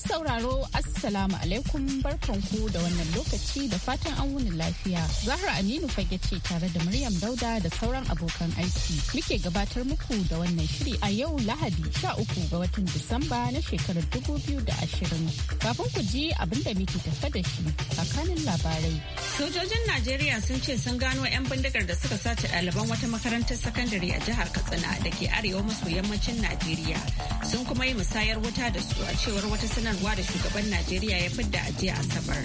Masu sauraro Assalamu alaikum barkanku da wannan lokaci da fatan an wuni lafiya. Zahra Aminu fage ce tare da Maryam Dauda da sauran abokan aiki. Muke gabatar muku da wannan shiri a yau Lahadi 13 ga watan Disamba na shekarar 2020. Kafin ku ji abin da muke tafa da shi tsakanin labarai. Sojojin Najeriya sun ce sun gano 'yan bindigar da suka sace ɗaliban wata makarantar sakandare a jihar Katsina da ke arewa maso yammacin Najeriya. Sun kuma yi musayar wuta da su a cewar wata sanar sanarwa da shugaban Najeriya ya fidda a jiya Asabar.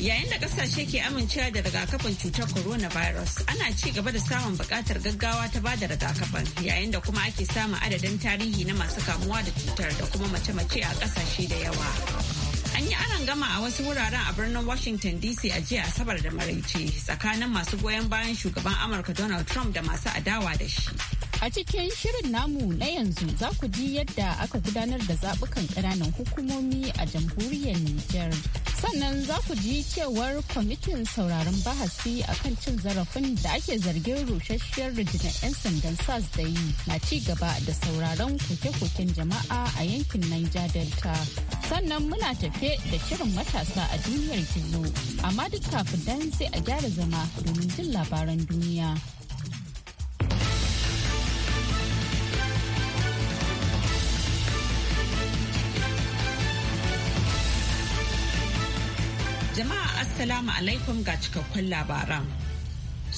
Yayin da kasashe ke amincewa da rigakafin cutar coronavirus, ana ci gaba da samun bukatar gaggawa ta bada rigakafin yayin da kuma ake samun adadin tarihi na masu kamuwa da cutar da kuma mace-mace a kasashe da yawa. An yi aron gama a wasu wuraren a birnin Washington DC a jiya Asabar da Maraice tsakanin masu goyon bayan shugaban Amurka Donald Trump da masu adawa da shi. A cikin shirin namu na yanzu za ku ji yadda aka gudanar da zaɓukan ƙananan hukumomi a jamhuriyar Nijar. Sannan za ku ji cewar kwamitin sauraron bahasi a kan cin zarafin da ake zargin rushasshiyar rundunar 'yan sandan SARS da yi na ci gaba da sauraron koke-koken jama'a a yankin Niger Delta. Sannan muna tafe da shirin matasa a duniyar gizo, amma duk kafin dan sai a gyara zama domin jin labaran duniya. Jama'a Assalamu alaikum ga cikakkun labaran.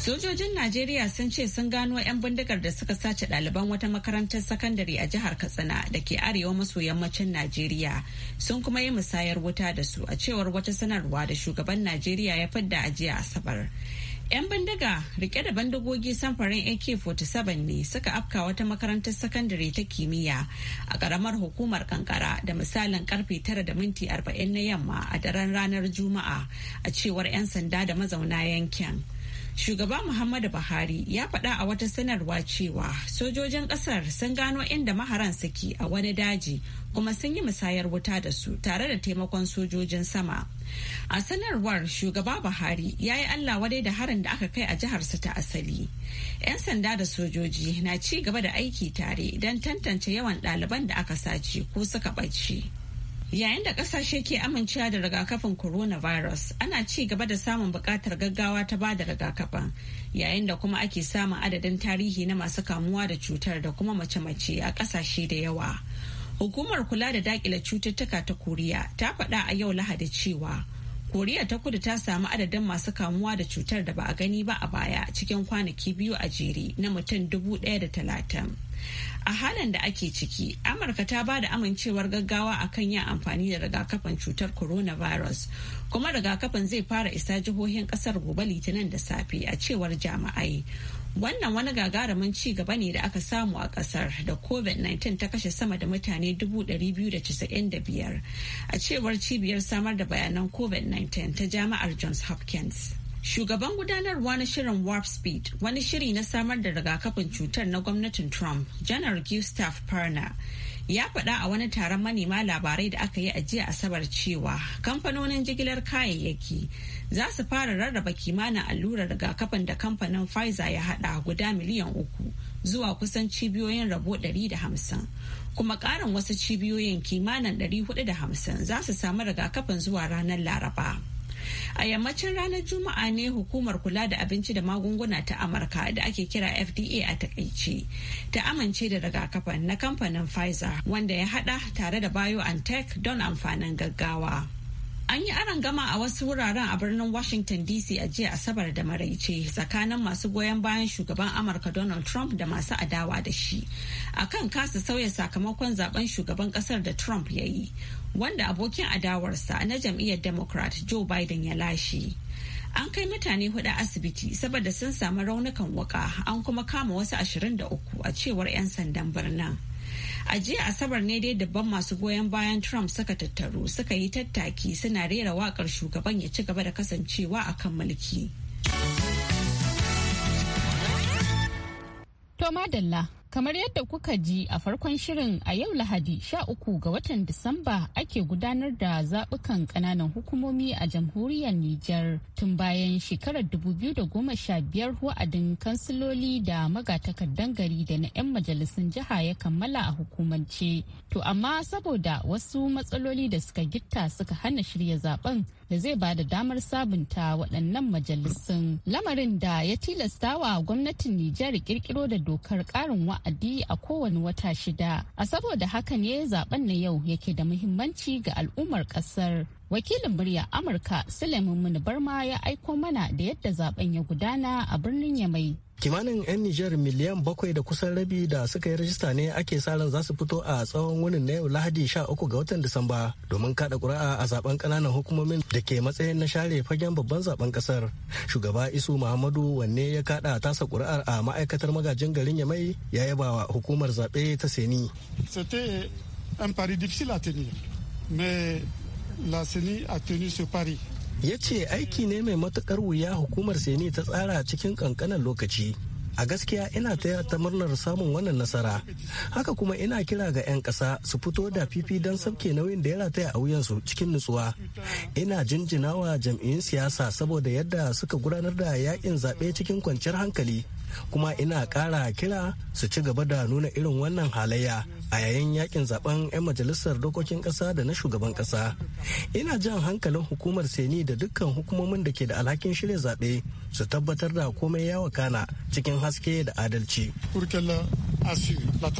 Sojojin Najeriya sun ce sun gano 'yan bindigar da suka sace ɗaliban wata makarantar sakandare a jihar Katsina da ke arewa maso yammacin Najeriya sun kuma yi musayar wuta da su a cewar wata sanarwa da shugaban Najeriya ya fidda a jiya Asabar. 'Yan bindiga rike da bandagogi samfarin AK-47 ne suka afka wata makarantar sakandare ta kimiyya a karamar hukumar kankara da misalin karfe 9 da minti 40 na yamma a daren ranar Juma'a a cewar 'yan sanda da mazauna yankin. Shugaba Muhammadu Buhari ya faɗa a wata sanarwa cewa sojojin ƙasar sun gano inda maharan suke a wani daji kuma sun yi musayar wuta da su tare da taimakon sojojin sama. A sanarwar shugaba Buhari ya yi Allah wadai da harin da aka kai a jiharsa ta asali. 'Yan sanda da sojoji na ci gaba da aiki tare don tantance yawan ɗaliban da aka sace ko suka ɓace. Yayin da ƙasashe ke amincewa da rigakafin coronavirus, ana ci gaba da samun buƙatar gaggawa ta ba da rigakafin, yayin da kuma ake samun adadin tarihi na masu kamuwa da cutar da kuma mace-mace a ƙasashe da yawa. Hukumar kula da dakile cututtuka ta Koriya ta faɗa a yau Lahadi cewa Koriya ta kudu ta samu adadin masu kamuwa da cutar da ba a gani ba a baya cikin kwanaki biyu a jere na mutum dubu ɗaya da talatin. A halin da ake ciki, Amurka ta ba da amincewar gaggawa akan yin amfani da rigakafin cutar coronavirus, kuma rigakafin zai fara isa jihohin kasar gobe litinin da safe a cewar jama'ai. Wannan wani gagarumin ci gaba ne da aka samu a kasar da COVID-19 ta kashe sama da mutane 295 a cewar cibiyar samar da bayanan COVID-19 ta jami'ar Johns Hopkins. Shugaban gudanarwa na shirin Warp Speed, wani shiri na samar da rigakafin cutar na gwamnatin Trump, Janar Gustav Perner. ya faɗa a wani taron manema labarai da aka yi a jiya asabar cewa kamfanonin jigilar kayayyaki za su fara rarraba kimanin allurar rigakafin da kamfanin pfizer ya haɗa guda miliyan uku zuwa kusan cibiyoyin rabo 150 kuma ƙarin wasu cibiyoyin kimanin 450 za su samu rigakafin zuwa ranar laraba. A yammacin ranar Juma'a ne hukumar kula da abinci da magunguna ta Amurka da ake kira FDA a takaice ta amince da rigakafin na kamfanin Pfizer wanda ya hada tare da BioNTech don amfanin gaggawa. An yi gama a wasu wuraren a birnin Washington DC a jiya Asabar da maraice tsakanin masu goyon bayan shugaban Amurka Donald Trump da masu adawa da shi. Akan kasa sauya sakamakon zaben shugaban kasar da Trump ya yi, wanda abokin adawarsa na jam'iyyar democrat joe biden ya lashe an kai mutane hudu asibiti saboda sun samu raunukan wuƙa an kuma kama wasu 23 a cewar 'yan sandan birnin a jiya asabar ne dai dabban masu goyon bayan trump suka tattaru suka yi tattaki suna rera wakar shugaban ya ci gaba da kasancewa a kan mulki to madalla Kamar yadda kuka ji a farkon shirin a yau Lahadi sha uku ga watan Disamba ake gudanar da zaɓukan ƙananan hukumomi a jamhuriyar Nijar tun bayan shekarar 2015 wa'adin kansiloli da magatakardan gari da na 'yan majalisun jiha ya kammala a hukumance. To amma saboda wasu matsaloli da suka gitta suka hana shirya zaben da zai ba da damar sabunta waɗannan majalisun lamarin da ya tilasta wa gwamnatin Nijar kirkiro da dokar ƙarin wa'adi a kowane wata shida. A saboda haka ne zaben na yau yake da muhimmanci ga al'ummar ƙasar wakilin murya amurka suleiman mini barma ya aiko mana da yadda zaben ya gudana a birnin yamai kimanin 'yan Nijar miliyan bakwai da kusan rabi da suka yi rajista ne ake sa ran za su fito a tsawon wunin na yau lahadi sha uku ga watan disamba domin kada kuri'a a zaben kananan hukumomin da ke matsayin na share fagen babban zaben kasar shugaba isu muhammadu wanne ya kada tasa kuri'ar a ma'aikatar magajin garin yamai ya yaba wa hukumar zaɓe ta seni c'était un pari difficile à tenir la CENI a tenu ce pari. Ya ce aiki ne mai matukar wuya hukumar CENI ta tsara cikin kankanan lokaci. A gaskiya ina taya ta murnar samun wannan nasara. Haka kuma ina kira ga 'yan ƙasa su fito da fifi don sabke nauyin da ya rataya a wuyansu cikin nutsuwa. Ina jinjinawa jam'iyyun siyasa saboda yadda suka gudanar da yakin zaɓe cikin kwanciyar hankali. kuma ina ƙara kira su ci gaba da nuna irin wannan halayya a yayin yakin zaben 'yan majalisar dokokin ƙasa da na shugaban ƙasa ina jan hankalin hukumar seni da dukkan hukumomin da ke da alhakin shirya zaɓe su tabbatar da komai ya wakana cikin haske da adalci. la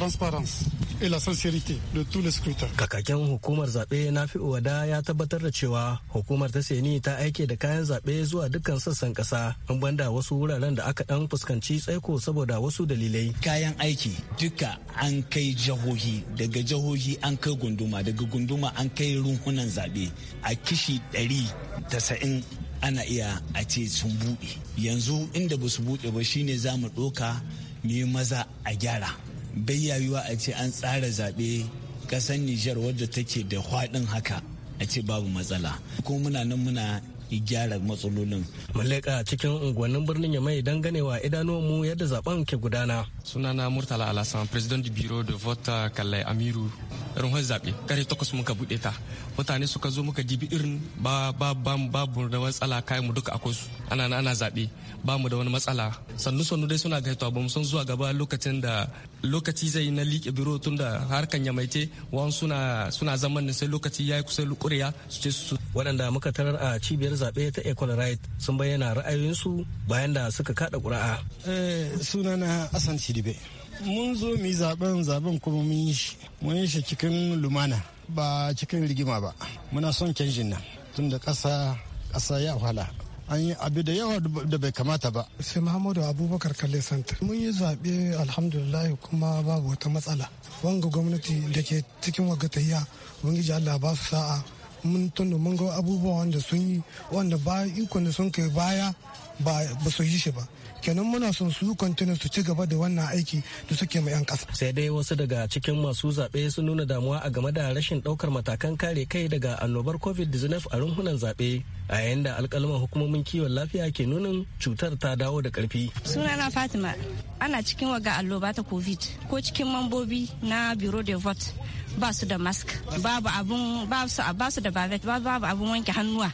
et la sincérité de tous les scrutins. Kakakin hukumar zaɓe na fi wada ya tabbatar da cewa hukumar ta seni ta aike da kayan zaɓe zuwa dukkan sassan kasa an banda wasu wuraren da aka ɗan fuskanci tsaiko saboda wasu dalilai. Kayan aiki duka an kai jahohi daga jahohi an kai gunduma daga gunduma an kai runhunan zaɓe a kishi ɗari tasa'in ana iya a ce sun buɗe yanzu inda ba su buɗe ba shine za mu ɗoka mu yi maza a gyara bai a ce an tsara zaɓe ƙasar Nijar wadda take da hwaɗin haka a ce babu matsala. Kuma muna nan muna gyara matsalolin. mallaka cikin unguwannin birnin ya mai don ganewa idanuwanmu yadda zaben ke gudana. sunana murtala alasan president du bureau de vote uh, kallai amiru wani zaɓe kare takwas ka buɗe ta mutane suka zo muka dibi irin ba ba ba babu da matsala kayan mu duka akwai su ana ana zaɓe ba mu da wani matsala sannu sannu dai suna gaitowa ba mu san zuwa gaba lokacin da lokaci zai na liƙe biro tun da harkan ya maite wan suna suna zaman sai lokaci ya yi kusa ƙuriya su ce su waɗanda muka tarar a cibiyar zaɓe ta Ecole Right sun bayyana ra'ayoyinsu bayan da suka kaɗa ƙuri'a. Eh, sunana asanci sidibe mun zo mu zaben zaben kuma mun yi shi mun yi shi cikin lumana ba cikin rigima ba muna son canjin nan tun da ƙasa ƙasa ya wahala an yi abu da yawa da bai kamata ba. sai muhammadu abubakar kalle santa mun yi zaɓe alhamdulillah kuma babu wata matsala wanga gwamnati da ke cikin wagatayya wangiji allah ba su sa'a mun tunu mun ga abubuwa wanda sun yi wanda ba ikon da sun kai baya ba su yi shi ba kenan muna son su kwantinin su ci gaba da wannan aiki da suke mai yan kasa sai dai wasu daga cikin masu zaɓe sun nuna damuwa a game da rashin ɗaukar matakan kare kai daga annobar covid-19 a runhunan zaɓe a yayin da alƙalman hukumomin kiwon lafiya ke nuna cutar ta dawo da ƙarfi sunana fatima ana cikin waga alloba ta covid ko cikin mambobi na bureau de vote ba su da mask babu abun ba su da bavet babu abun wanke hannuwa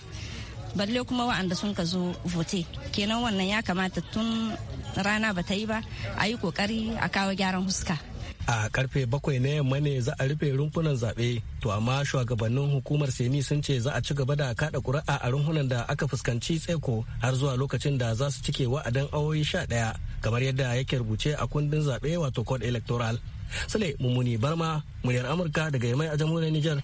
balle kuma wa'anda sun ka zo vote kenan wannan ya kamata tun rana ba ta yi ba a yi kokari a kawo gyaran huska a karfe bakwai na yamma ne za a rufe rumfunan zaɓe to amma shugabannin hukumar seni sun ce za a ci gaba da kada kuri'a a rumfunan da aka fuskanci tseko har zuwa lokacin da za su cike wa'adin awoyi sha ɗaya kamar yadda yake rubuce a kundin zaɓe wato code electoral sule mummuni barma muryar amurka daga yamai a jamhuriyar niger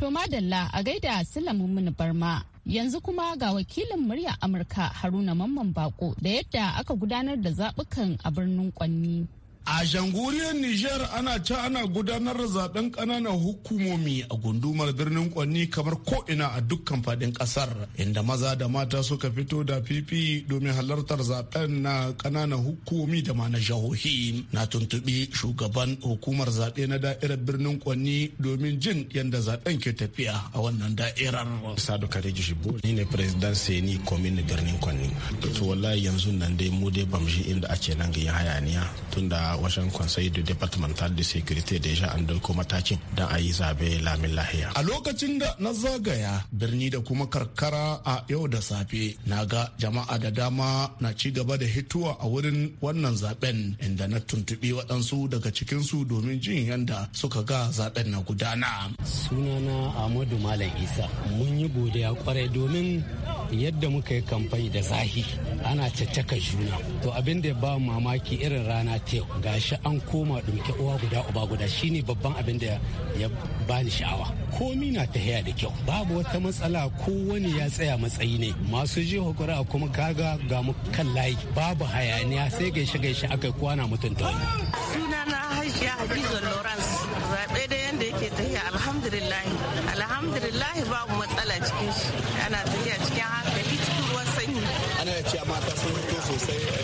To madalla a gaida mini Barma. Yanzu kuma ga wakilin murya Amurka Haruna Mamman Bako da yadda aka gudanar da zaɓukan a birnin Kwanni. A janguriyar Nijar ana ta ana gudanar da zaben ƙananan hukumomi a gundumar birnin Kwanni kamar ko'ina a dukkan faɗin kasar inda maza da mata suka fito da fifi domin halartar zaben na ƙananan hukumomi da ma na jahohi Na tuntuɓi shugaban hukumar zaɓe na da'irar birnin Kwanni domin jin yadda zaben ke tafiya a wannan da'irar. Sadu Kareji Shibu ni ne president Seni Komin birnin Kwanni. To wallahi yanzu nan dai mu dai bamu inda ake nan ga hayaniya tunda a wajen conseil de departmental de security deja an dauko matakin don a yi zabe lamin lahiya a lokacin da na zagaya birni da kuma karkara a yau da safe na ga jama'a da dama na ci gaba da hituwa a wurin wannan zaben inda na tuntubi waɗansu daga cikinsu domin jin yadda suka ga zaben na gudana sunana ahmadu malam isa mun yi godiya kwarai domin yadda muka yi kamfani da zahi ana caccaka juna to abin da ba mamaki irin rana ta yau gashi an koma ɗumke uwa guda uba guda shine babban abin da ya bani sha'awa komi na ta haya da kyau babu wata matsala ko wani ya tsaya matsayi ne masu ji hukura kuma kaga ga mu kan layi babu hayaniya sai gaishe gaishe aka kwana mutunta wani sunana haishiya hadiza lawrence zaɓe da yanda yake tafiya alhamdulillah alhamdulillah babu matsala cikin shi ana tafiya cikin hankali cikin ruwan sanyi ana cewa mata sun fito sosai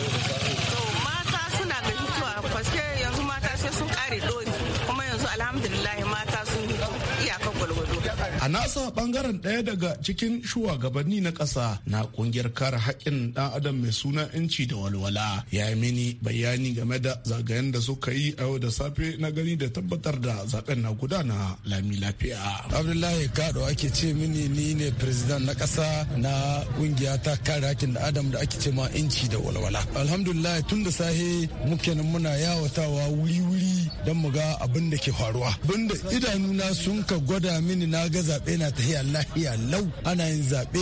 a nasa bangaren ɗaya daga cikin shugabanni na ƙasa na kungiyar kare haƙƙin ɗan adam mai suna inci da walwala ya yi mini bayani game da zagayen da suka yi a yau da safe na gani da tabbatar da zaben na gudana lami lafiya abdullahi kado ake ce mini ni ne president na ƙasa na kungiya ta kare haƙƙin ɗan adam da ake ce ma yanci da walwala alhamdulillah tun da sahe muke nan muna yawatawa wuri-wuri don mu ga abin da ke faruwa abin da idanuna sun ka gwada mini na gaza zaɓe na tahiya lahiya lau ana yin zaɓe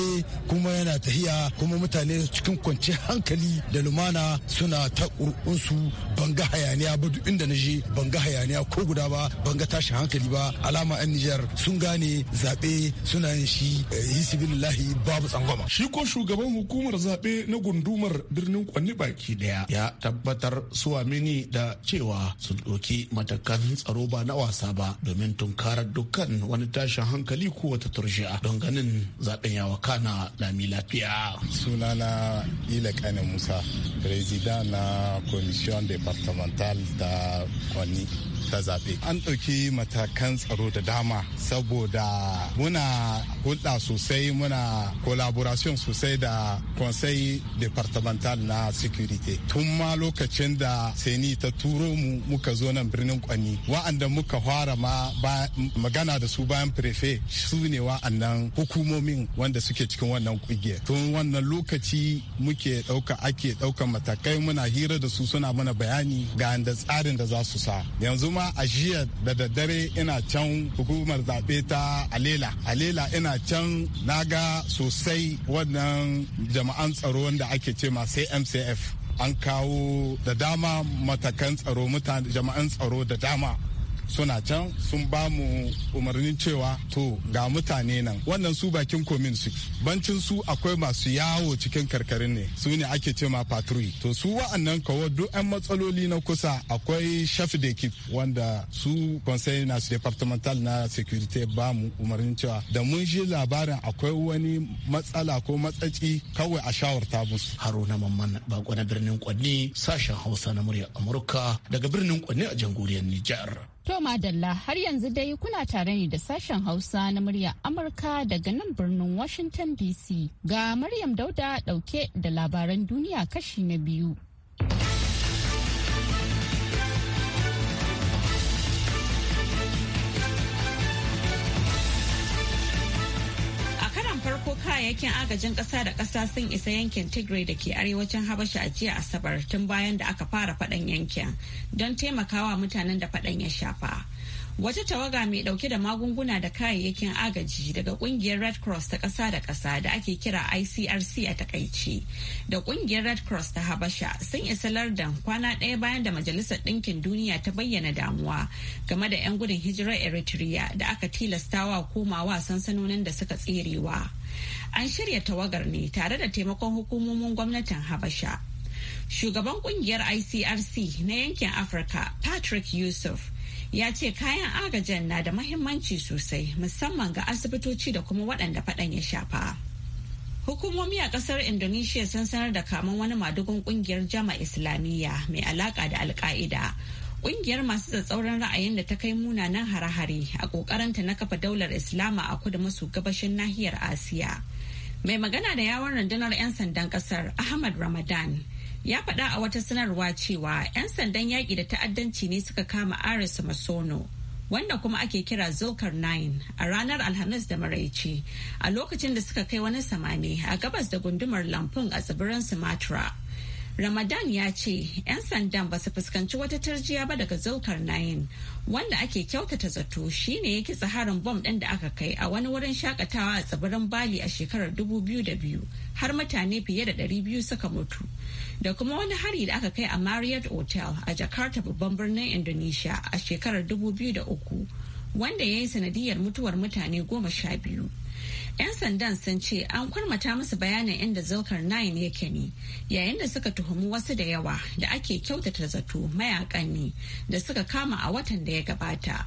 kuma yana tahiya kuma mutane cikin kwanci hankali da lumana suna ta ƙurƙunsu ban ga hayaniya ba duk inda na je ban ga hayaniya ko guda ba ban ga tashin hankali ba alama 'yan Nijar sun gane zaɓe suna yin shi hisibillahi eh, babu tsangwama. Shi ko shugaban hukumar zaɓe na gundumar birnin Kwanni baki daya ya tabbatar suwa mini da cewa sun ɗauki matakan tsaro ba na wasa ba domin tunkarar dukkan wani tashin hankali alkali ko wata turjiya don ganin zaben ya wakana lami lafiya sunana ila kane musa president na commission departemental da kwani ta zaɓe an ɗauki matakan tsaro da dama saboda muna hulɗa sosai muna collaboration sosai da conseil departmental na security tun ma lokacin da seni ta turo mu muka zo nan birnin kwani wa'anda muka fara ma magana da su bayan prefe su ne wa'annan hukumomin wanda suke cikin wannan kungiyar tun wannan lokaci muke ɗauka ake ɗauka matakai muna hira da su suna mana bayani ga da tsarin da za su sa yanzu kuma a jiya da daddare ina can hukumar zaɓe ta alela alela ina can na ga sosai wannan jama'an tsaro wanda ake ce masu mcf an kawo da dama matakan tsaro mutane jama'an tsaro da dama suna can sun ba mu umarnin cewa to ga mutane nan wannan su bakin komin su bancin su akwai masu yawo cikin karkarin ne su ne ake ce ma patrui to su wa'annan kawo duk 'yan matsaloli na kusa akwai chef de kip wanda su conseil na departmental na security ba mu umarnin cewa da mun ji labarin akwai wani matsala ko matsaci kawai a shawarta musu haruna mamman bako na birnin kwanni sashen hausa na murya amurka daga birnin kwanni a jamhuriyar nijar To Madalla har yanzu dai kuna tare ne da sashen Hausa na murya Amurka daga nan birnin Washington DC ga Maryam Dauda ɗauke da labaran duniya kashi na biyu. kayayyakin agajin ƙasa da ƙasa sun isa yankin Tigray da ke arewacin Habasha a jiya Asabar tun bayan da aka fara faɗan yankin don taimakawa mutanen da faɗan ya shafa. Wata tawaga mai ɗauke da magunguna da kayayyakin agaji daga ƙungiyar Red Cross ta ƙasa da ƙasa da ake kira ICRC a takaici da ƙungiyar Red Cross ta Habasha sun isa lardan kwana ɗaya bayan da Majalisar Ɗinkin Duniya ta bayyana damuwa game da 'yan gudun hijirar Eritrea da aka tilastawa komawa sansanonin da suka tserewa. an shirya tawagar ne tare da taimakon hukumomin gwamnatin habasha shugaban kungiyar icrc na yankin afirka patrick yusuf ya ce kayan agajin na da mahimmanci sosai musamman ga asibitoci da kuma waɗanda faɗan ya shafa hukumomi a ƙasar indonesia sun sanar da kamun wani madugun kungiyar jama islamiyya mai alaƙa da alka'ida kungiyar masu tsatsauran ra'ayin da ta kai munanan hare-hare a ƙoƙarinta na kafa daular islama a kudu maso gabashin nahiyar asiya Mai magana da yawon rundunar 'yan sandan kasar Ahmad Ramadan ya faɗa a wata sanarwa cewa 'yan sandan yaƙi da ta'addanci ne suka kama Aris Masono. wanda kuma ake kira zulkar 9 a ranar alhamis da maraice a lokacin da suka kai wani samani a gabas da gundumar lampung a tsibirin sumatra Ramadan ya ce 'yan sandan ba su fuskanci wata tarjiya ba daga zaukar nayin wanda ake kyautata zato shine ya kitsa harin bom ɗin da aka kai a wani wurin shakatawa a tsibirin Bali a shekarar 2002 har mutane fiye da 200 suka mutu. Da kuma wani hari da aka kai a Marriott Hotel a Jakarta babban birnin Indonesia a shekarar 2003 wanda ya yi sanadiyar mutuwar mutane goma sha biyu. 'Yan sandan sun ce an kwarmata musu bayanin inda zokar 9 yake ne yayin da suka tuhumi wasu da yawa da ake kyautata zato mayakan ne da suka kama a watan da ya gabata.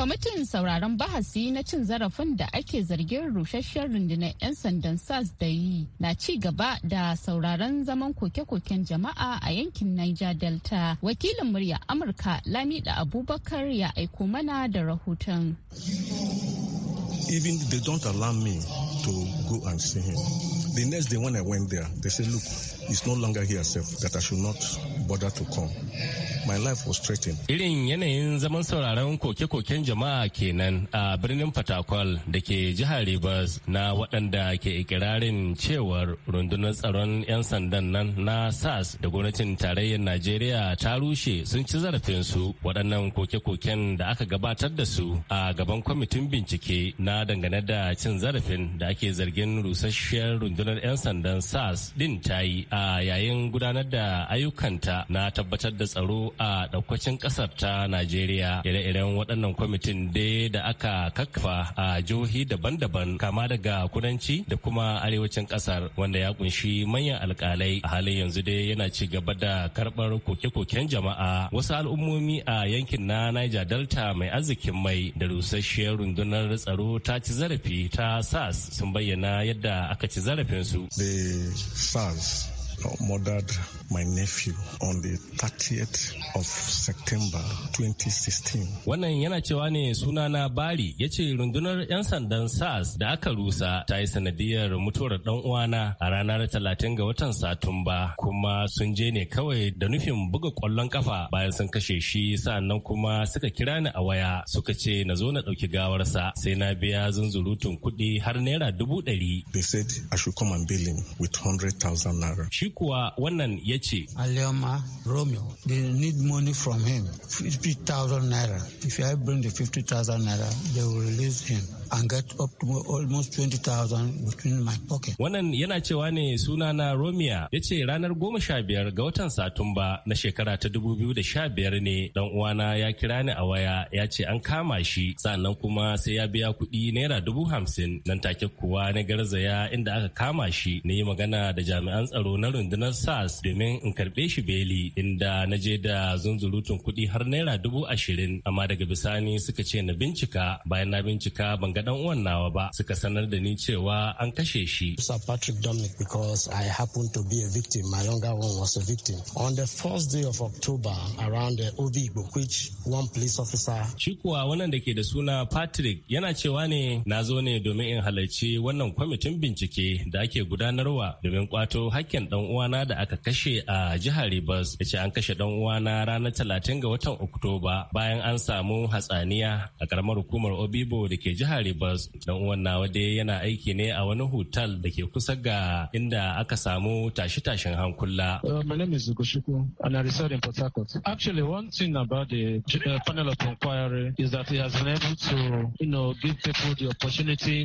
kwamitin sauraron bahasi na cin zarafin da ake zargin rushasshen rundunar 'yan sandan sas da yi na ci gaba da sauraron zaman koke-koken jama'a a yankin niger delta wakilin murya amurka lamida abubakar ya aiko mana da rahoton even they don't allow me to go and see him The next day when I went there, they said, look, it's no longer here safe that I should not bother to come. My life was threatened. Irin yanayin zaman sauraron koke-koken jama'a kenan a birnin Fatakwal da ke jihar Rivers na waɗanda ke ikirarin cewar rundunar tsaron 'yan sandan nan na sas da gwamnatin tarayyar Najeriya ta rushe sun ci zarafinsu waɗannan koke-koken da aka gabatar da su a gaban kwamitin bincike na dangane da cin zarafin da ake zargin rusasshiyar rundunar rundunar 'yan sandan sars din ta yi a yayin gudanar da ayyukanta na tabbatar da tsaro a daukacin kasar ta najeriya ire-iren waɗannan kwamitin da da aka kakfa a jihohi daban-daban kama daga kudanci da kuma arewacin kasar wanda ya kunshi manyan alkalai a halin yanzu dai yana ci gaba da karɓar koke-koken jama'a wasu al'ummomi a yankin na niger delta mai arzikin mai da rusasshiyar rundunar tsaro ta ci zarafi ta sas sun bayyana yadda aka ci zarafi ɗinsu. The SARS Uh, murdered my nephew on the 30th of September 2016. Wannan yana cewa ne suna na Bari ya ce rundunar 'yan sandan SARS da aka rusa ta yi sanadiyar mutuwar dan uwana a ranar 30 ga watan Satumba kuma sun je ne kawai da nufin buga kwallon kafa bayan sun kashe shi sa'annan kuma suka kira ni a waya suka ce na zo na ɗauki gawarsa sai na biya zunzurutun kuɗi har naira dubu ɗari. They said I should come and bill him with 100,000 naira. Shi kuwa wannan ya ce. Alyoma Romeo, they need money from him, 50,000 naira. If I bring the 50,000 naira, they will release him. and get up to almost 20,000 between my pocket. Wannan yana cewa ne suna na Romia ya ce ranar goma sha biyar ga watan Satumba na shekara ta dubu biyu da sha biyar ne dan uwana ya kira ni a waya ya ce an kama shi sannan kuma sai ya biya kuɗi naira dubu hamsin nan take kuwa na garzaya inda aka kama shi na yi magana da jami'an tsaro na rundunar SARS domin in karɓe shi beli inda na je da zunzurutun kuɗi har naira dubu ashirin amma daga bisani suka ce na bincika bayan na bincika ban ga dan uwan nawa ba suka sanar da ni cewa an kashe shi. Sir Patrick Dominic because I happen to be a victim. My younger one was a victim. On the first day of October around the uh, Obigbo which one police officer. Shi kuwa wannan da ke da suna Patrick yana cewa ne na zo ne domin in halarci wannan kwamitin bincike da ake gudanarwa domin kwato hakkin dan uwana da aka kashe a jihar Rivers. Ya ce an kashe dan uwana ranar talatin ga watan Oktoba bayan an samu hatsaniya a karamar hukumar Obibo da ke jihar Ribas. Dan uwan nawa dai yana aiki ne a wani hotel da ke kusa ga inda aka samu tashi-tashin hankula. Uh, my name is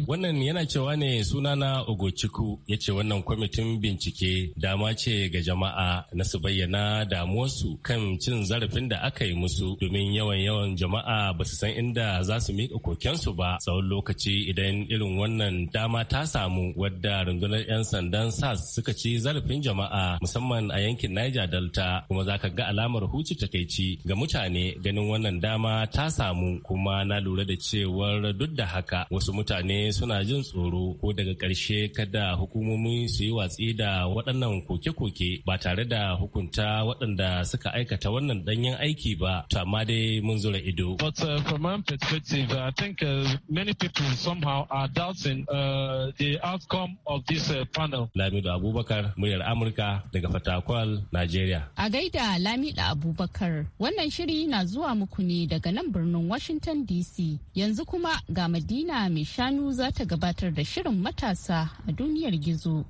Wannan yana cewa ne sunana Ogochiku ya ce wannan kwamitin bincike dama ce ga jama'a na su bayyana damuwarsu kan cin zarafin da aka yi musu domin yawan yawan jama'a ba su san inda za su miƙa kokensu ba tsawon lokaci idan irin wannan dama ta samu wadda rundunar 'yan sandan sas suka ci zarafin jama'a musamman a yankin niger delta kuma za ka ga alamar huci takaici ga mutane ganin wannan dama ta samu kuma na lura da cewar duk da haka wasu mutane suna jin tsoro ko daga ƙarshe kada hukumomi su yi watsi da waɗannan koke-koke ba tare da hukunta waɗanda suka aikata wannan ɗanyen aiki ba to amma dai mun zura ido. But uh, from people somehow are doubting uh, the outcome of this uh, panel. Lamido Abubakar, muryar Amurka daga Fatakwal, nigeria. A gaida Lamido Abubakar, wannan shiri na zuwa muku ne daga nan birnin Washington DC. Yanzu kuma ga Madina mai shanu za ta gabatar da shirin matasa a duniyar gizo.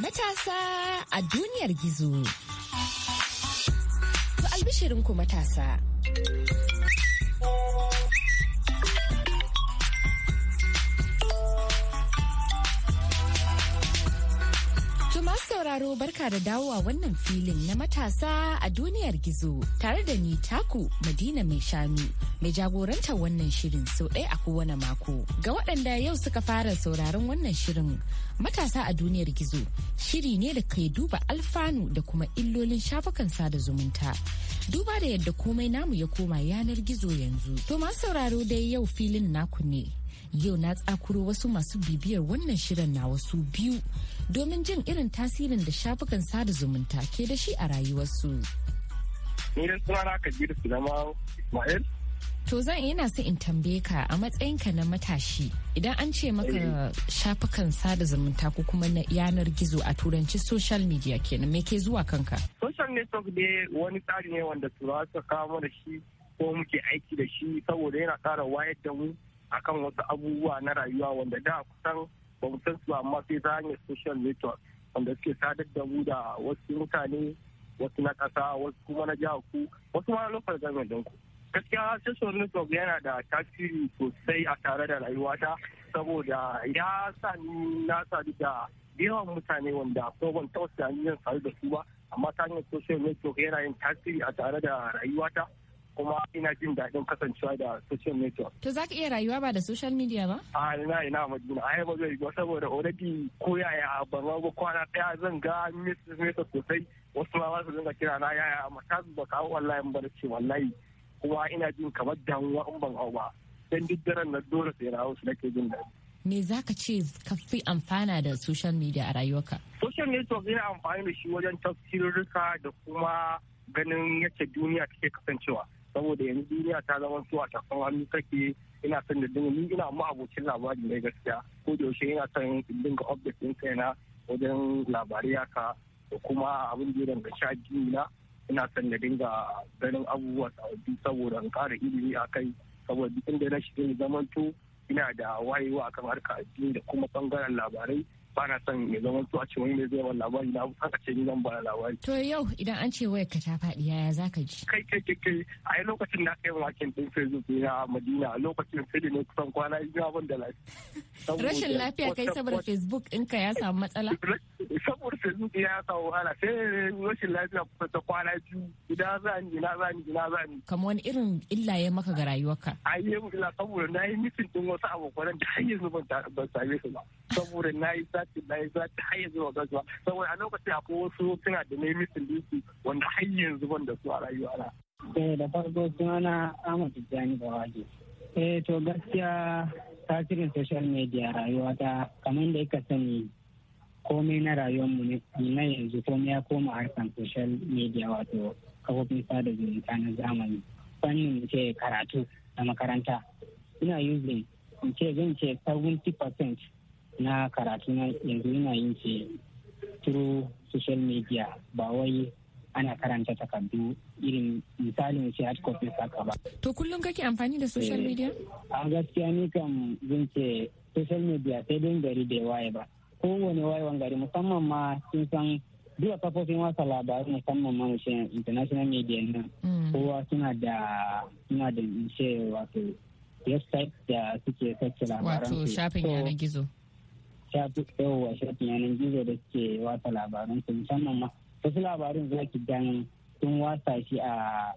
Matasa a duniyar gizo. albishirinku matasa sauraro barka da dawowa wannan filin na matasa a duniyar gizo tare da ni taku madina mai shanu mai jagorantar wannan shirin sau ɗaya a kowane mako ga waɗanda yau suka fara sauraron wannan shirin matasa a duniyar gizo shiri ne da ke duba alfanu da kuma illolin shafukan sada zumunta duba da yadda komai namu ya koma yanar gizo yanzu. To masu sauraro dai yau filin naku ne. Yau na tsakuro wasu masu bibiyar wannan shirin na wasu biyu domin jin irin tasirin da shafukan sada zumunta ke da shi a rayuwarsu. Ni da sunana Kabiru zama Ismail To zan ina so in tambaye ka a matsayinka na matashi idan an ce maka shafukan sada zumunta ko kuma na yanar gizo a turanci social media kenan me ke zuwa kanka? Social network ne wani tsari ne wanda turawa suka kawo da shi ko muke aiki da shi saboda yana ƙara wayar da mu akan wasu abubuwa na rayuwa wanda da kusan ba mu san su amma sai ta hanyar social network wanda suke sadar da mu da wasu mutane wasu na ƙasa wasu kuma na jiha ku wasu ma lokacin gamen ku. gaskiya sensor network yana da tasiri sosai a tare da rayuwata saboda ya sa ni na sadu da yawan mutane wanda ko ban taɓa tunanin yin sadu da su ba amma ta hanyar social network yana yin tasiri a tare da rayuwata kuma ina jin daɗin kasancewa da social network. To za ka iya rayuwa ba da social media ba? A ina ina madina ai ba zai ba saboda already ko yaya ban ba kwana ɗaya zan ga message message sosai wasu ma ba su dinga kira na yaya amma ta zuba kawo wallahi ban ce wallahi kuma ina jin kamar damuwa in ban hau ba dan duk daren na dole sai na hausa su nake jin daɗi. Me za ka ce ka fi amfana da social media a rayuwarka? Social network yana amfani da shi wajen tafsirurruka da kuma ganin yadda duniya take kasancewa. Saboda yanzu duniya ta zama su a tafin hannu take ina son da dinga ni ina mu abokin labari ne gaskiya ko da yaushe ina son in dinga update din kaina wajen labarai haka da kuma abin da ya danganci addini na ina son na dinga ganin abubuwa sababbi saboda in ƙara ilimi a kai saboda inda na shiga zamanto ina da wayewa akan harka addini da kuma bangaren labarai ba na son ya zama a ce wani ne zai wani labari na abubuwan a ce ni zan ba labari. To yau idan an ce wayar ka ta faɗi yaya za ka ji? Kai kai kai kai a yi lokacin na kai makin ɗin Facebook na Madina lokacin sai da ne kusan kwana biyu abin da lafi. Rashin lafiya kai saboda Facebook ɗinka ya samu matsala? Saboda Facebook ya samu wahala sai rashin lafiya kusan ta kwana biyu ina za ni ina za ni ina za ni. Kamar wani irin illa ya maka ga rayuwarka? A yi illa saboda na yi mitin ɗin wasu abokanan da har yanzu ban same su ba. Saboda na yi ce lai za ta har yanzu ba saboda a lokacin akwai wasu suna da ne misin dinsu wanda har yanzu ban da su a rayuwa na. Eh da farko sunana Ahmad Tijjani Bawaje. Eh to gaskiya tasirin social media rayuwa ta kamar da ka sani komai na rayuwar mu na yanzu komai ya koma harkar social media wato kafofin sada zumunta na zamani fannin ce karatu na makaranta ina using in ce zan ce 70% na karatu na yanzu yana yin ce through social media ba wai ana karanta takardu irin misalin ce hard copy saka ba. To kullum kake amfani da social eh, media? A gaskiya ni kam zan ce social media sai don gari da waye ba. Kowane wani gari musamman ma sun san duka kafofin wasa labaru musamman ma mace international media nan mm. kowa suna da suna da mace wato website da suke sace labaran wato shafin yanar gizo yawa shafin yanar gizo da ke wata labarin su musamman ma wasu labarin za ki gan sun wasa shi a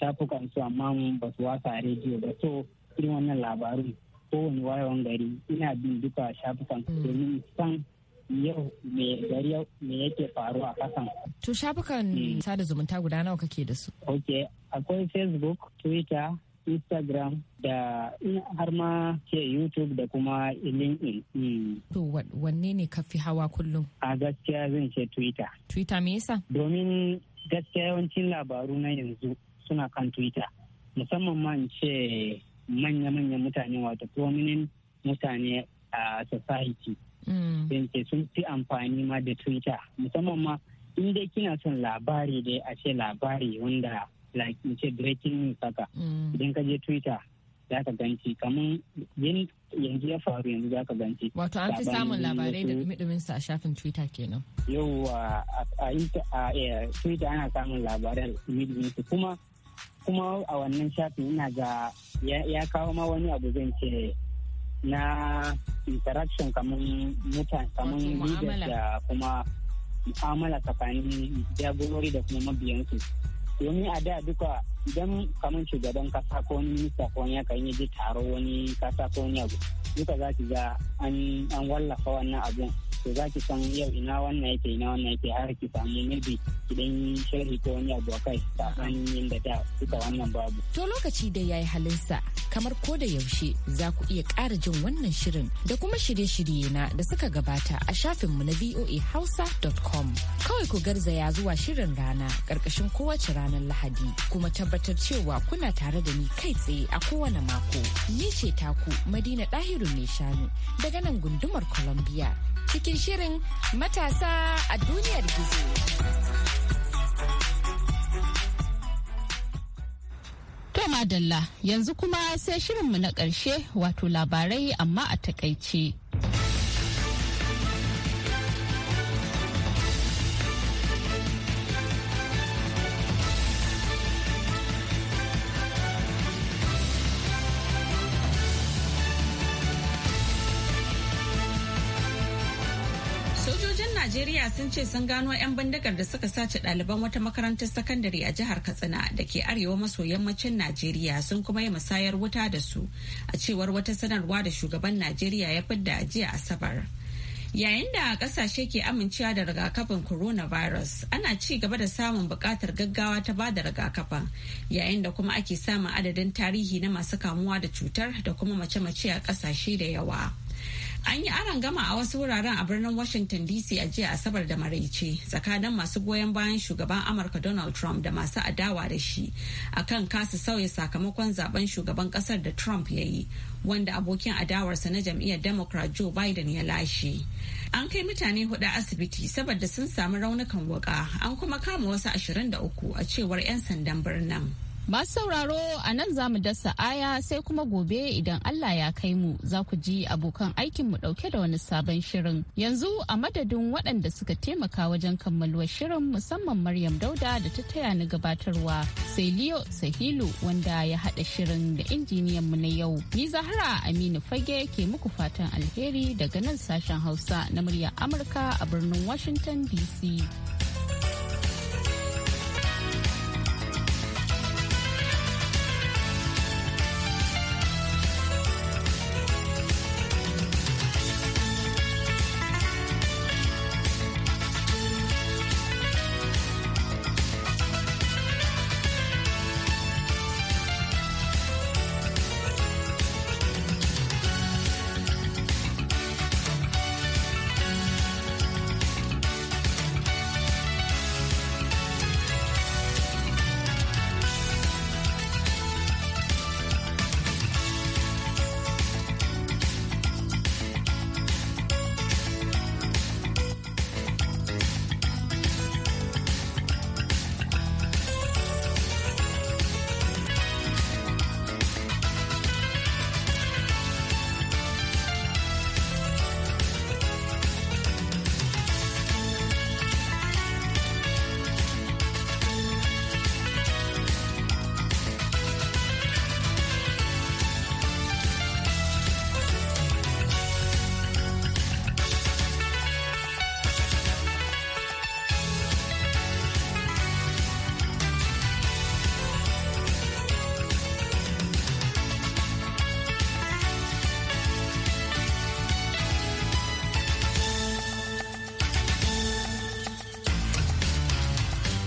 shafukan su amma mun ba su wasa a rediyo ba so irin wannan labarun kowane wayawan gari ina bin duka shafukan mm. domin san yau me gari me yake faruwa a kasan. To shafukan mm. sada zumunta guda nawa kake da su? Ok, akwai Facebook, Twitter, instagram da har ma ke youtube da kuma linkedin hmm. to wanne ne ka fi hawa kullum a gaskiya zan ce twitter twitter me yasa domin gaskiya yawancin labaru na yanzu suna kan twitter musamman ma ce manya manya mutane wato prominent mutane a society hmm. ce sun fi amfani ma da twitter musamman ma in dai kina son labari dai a ce labari wanda like in ce breaking news haka mm. idan ka je twitter za ka ganci kamar yin yanzu ya faru yanzu za ka ganci wato an fi samun labarai da dumi sa a shafin twitter kenan yau a twitter ana samun da dumi kuma kuma a wannan shafin ina ga ya kawo ma wani abu zan ce na interaction kamar mutane kamar leaders da kuma mu'amala tsakanin jagorori da kuma mabiyansu domin a da duka idan kamar shugaban kasa ko wani minista ko wani yakan yi taro wani kasa ko wani abu duka za ki ga an wallafa wannan abun to za ki san yau ina wannan yake ina wannan yake har ki samu maybe idan sharhi ko wani abu akai tsakanin da da suka wannan babu. To lokaci da ya yi halinsa kamar ko da yaushe za ku iya ƙara jin wannan shirin da kuma shirye-shirye na da suka gabata a shafinmu na voahausa.com. Kawai ku garzaya zuwa shirin rana ƙarƙashin kowace ranar Lahadi kuma tabbatar cewa kuna tare da ni kai tsaye a kowane mako. Ni ce taku Madina Dahiru mai shanu daga nan gundumar Columbia. Cikin cikin shirin matasa a duniyar gizo. To madalla yanzu kuma sai shirinmu na ƙarshe wato labarai amma a takaice. Sojojin Najeriya sun ce sun gano 'yan bindigar da suka sace ɗaliban wata makarantar sakandare a jihar Katsina da ke arewa maso yammacin Najeriya sun kuma yi musayar wuta da su a cewar wata sanarwa da shugaban Najeriya ya fidda a jiya Asabar. Yayin da ƙasashe ke amincewa da rigakafin coronavirus, ana ci gaba da samun bukatar gaggawa ta ba da rigakafin, yayin da kuma ake samun adadin tarihi na masu kamuwa da cutar da kuma mace-mace a kasashe da yawa. An yi aron gama a wasu wuraren a birnin Washington DC a jiya Asabar da maraice tsakanin masu goyon bayan shugaban Amurka Donald Trump da masu adawa da shi akan kasa sauya sakamakon zaben shugaban kasar da Trump ya yi wanda abokin adawarsa na jam'iyyar Democrat Joe Biden ya lashe. An kai mutane hudu asibiti saboda sun samu raunukan wuka an kuma kama wasu 23 a cewar 'yan sandan birnin. Masu sauraro a nan za mu dasa aya sai kuma gobe idan Allah ya kai mu za ku ji abokan aikinmu ɗauke da wani sabon shirin. Yanzu a madadin waɗanda suka taimaka wajen kammaluwar shirin musamman Maryam Dauda da ta taya ni gabatarwa sai Leo Sahilu wanda ya haɗa shirin da injiniyan mu na yau. Ni Zahra Aminu Fage ke muku fatan alheri daga nan sashen Hausa na murya Amurka a birnin Washington DC.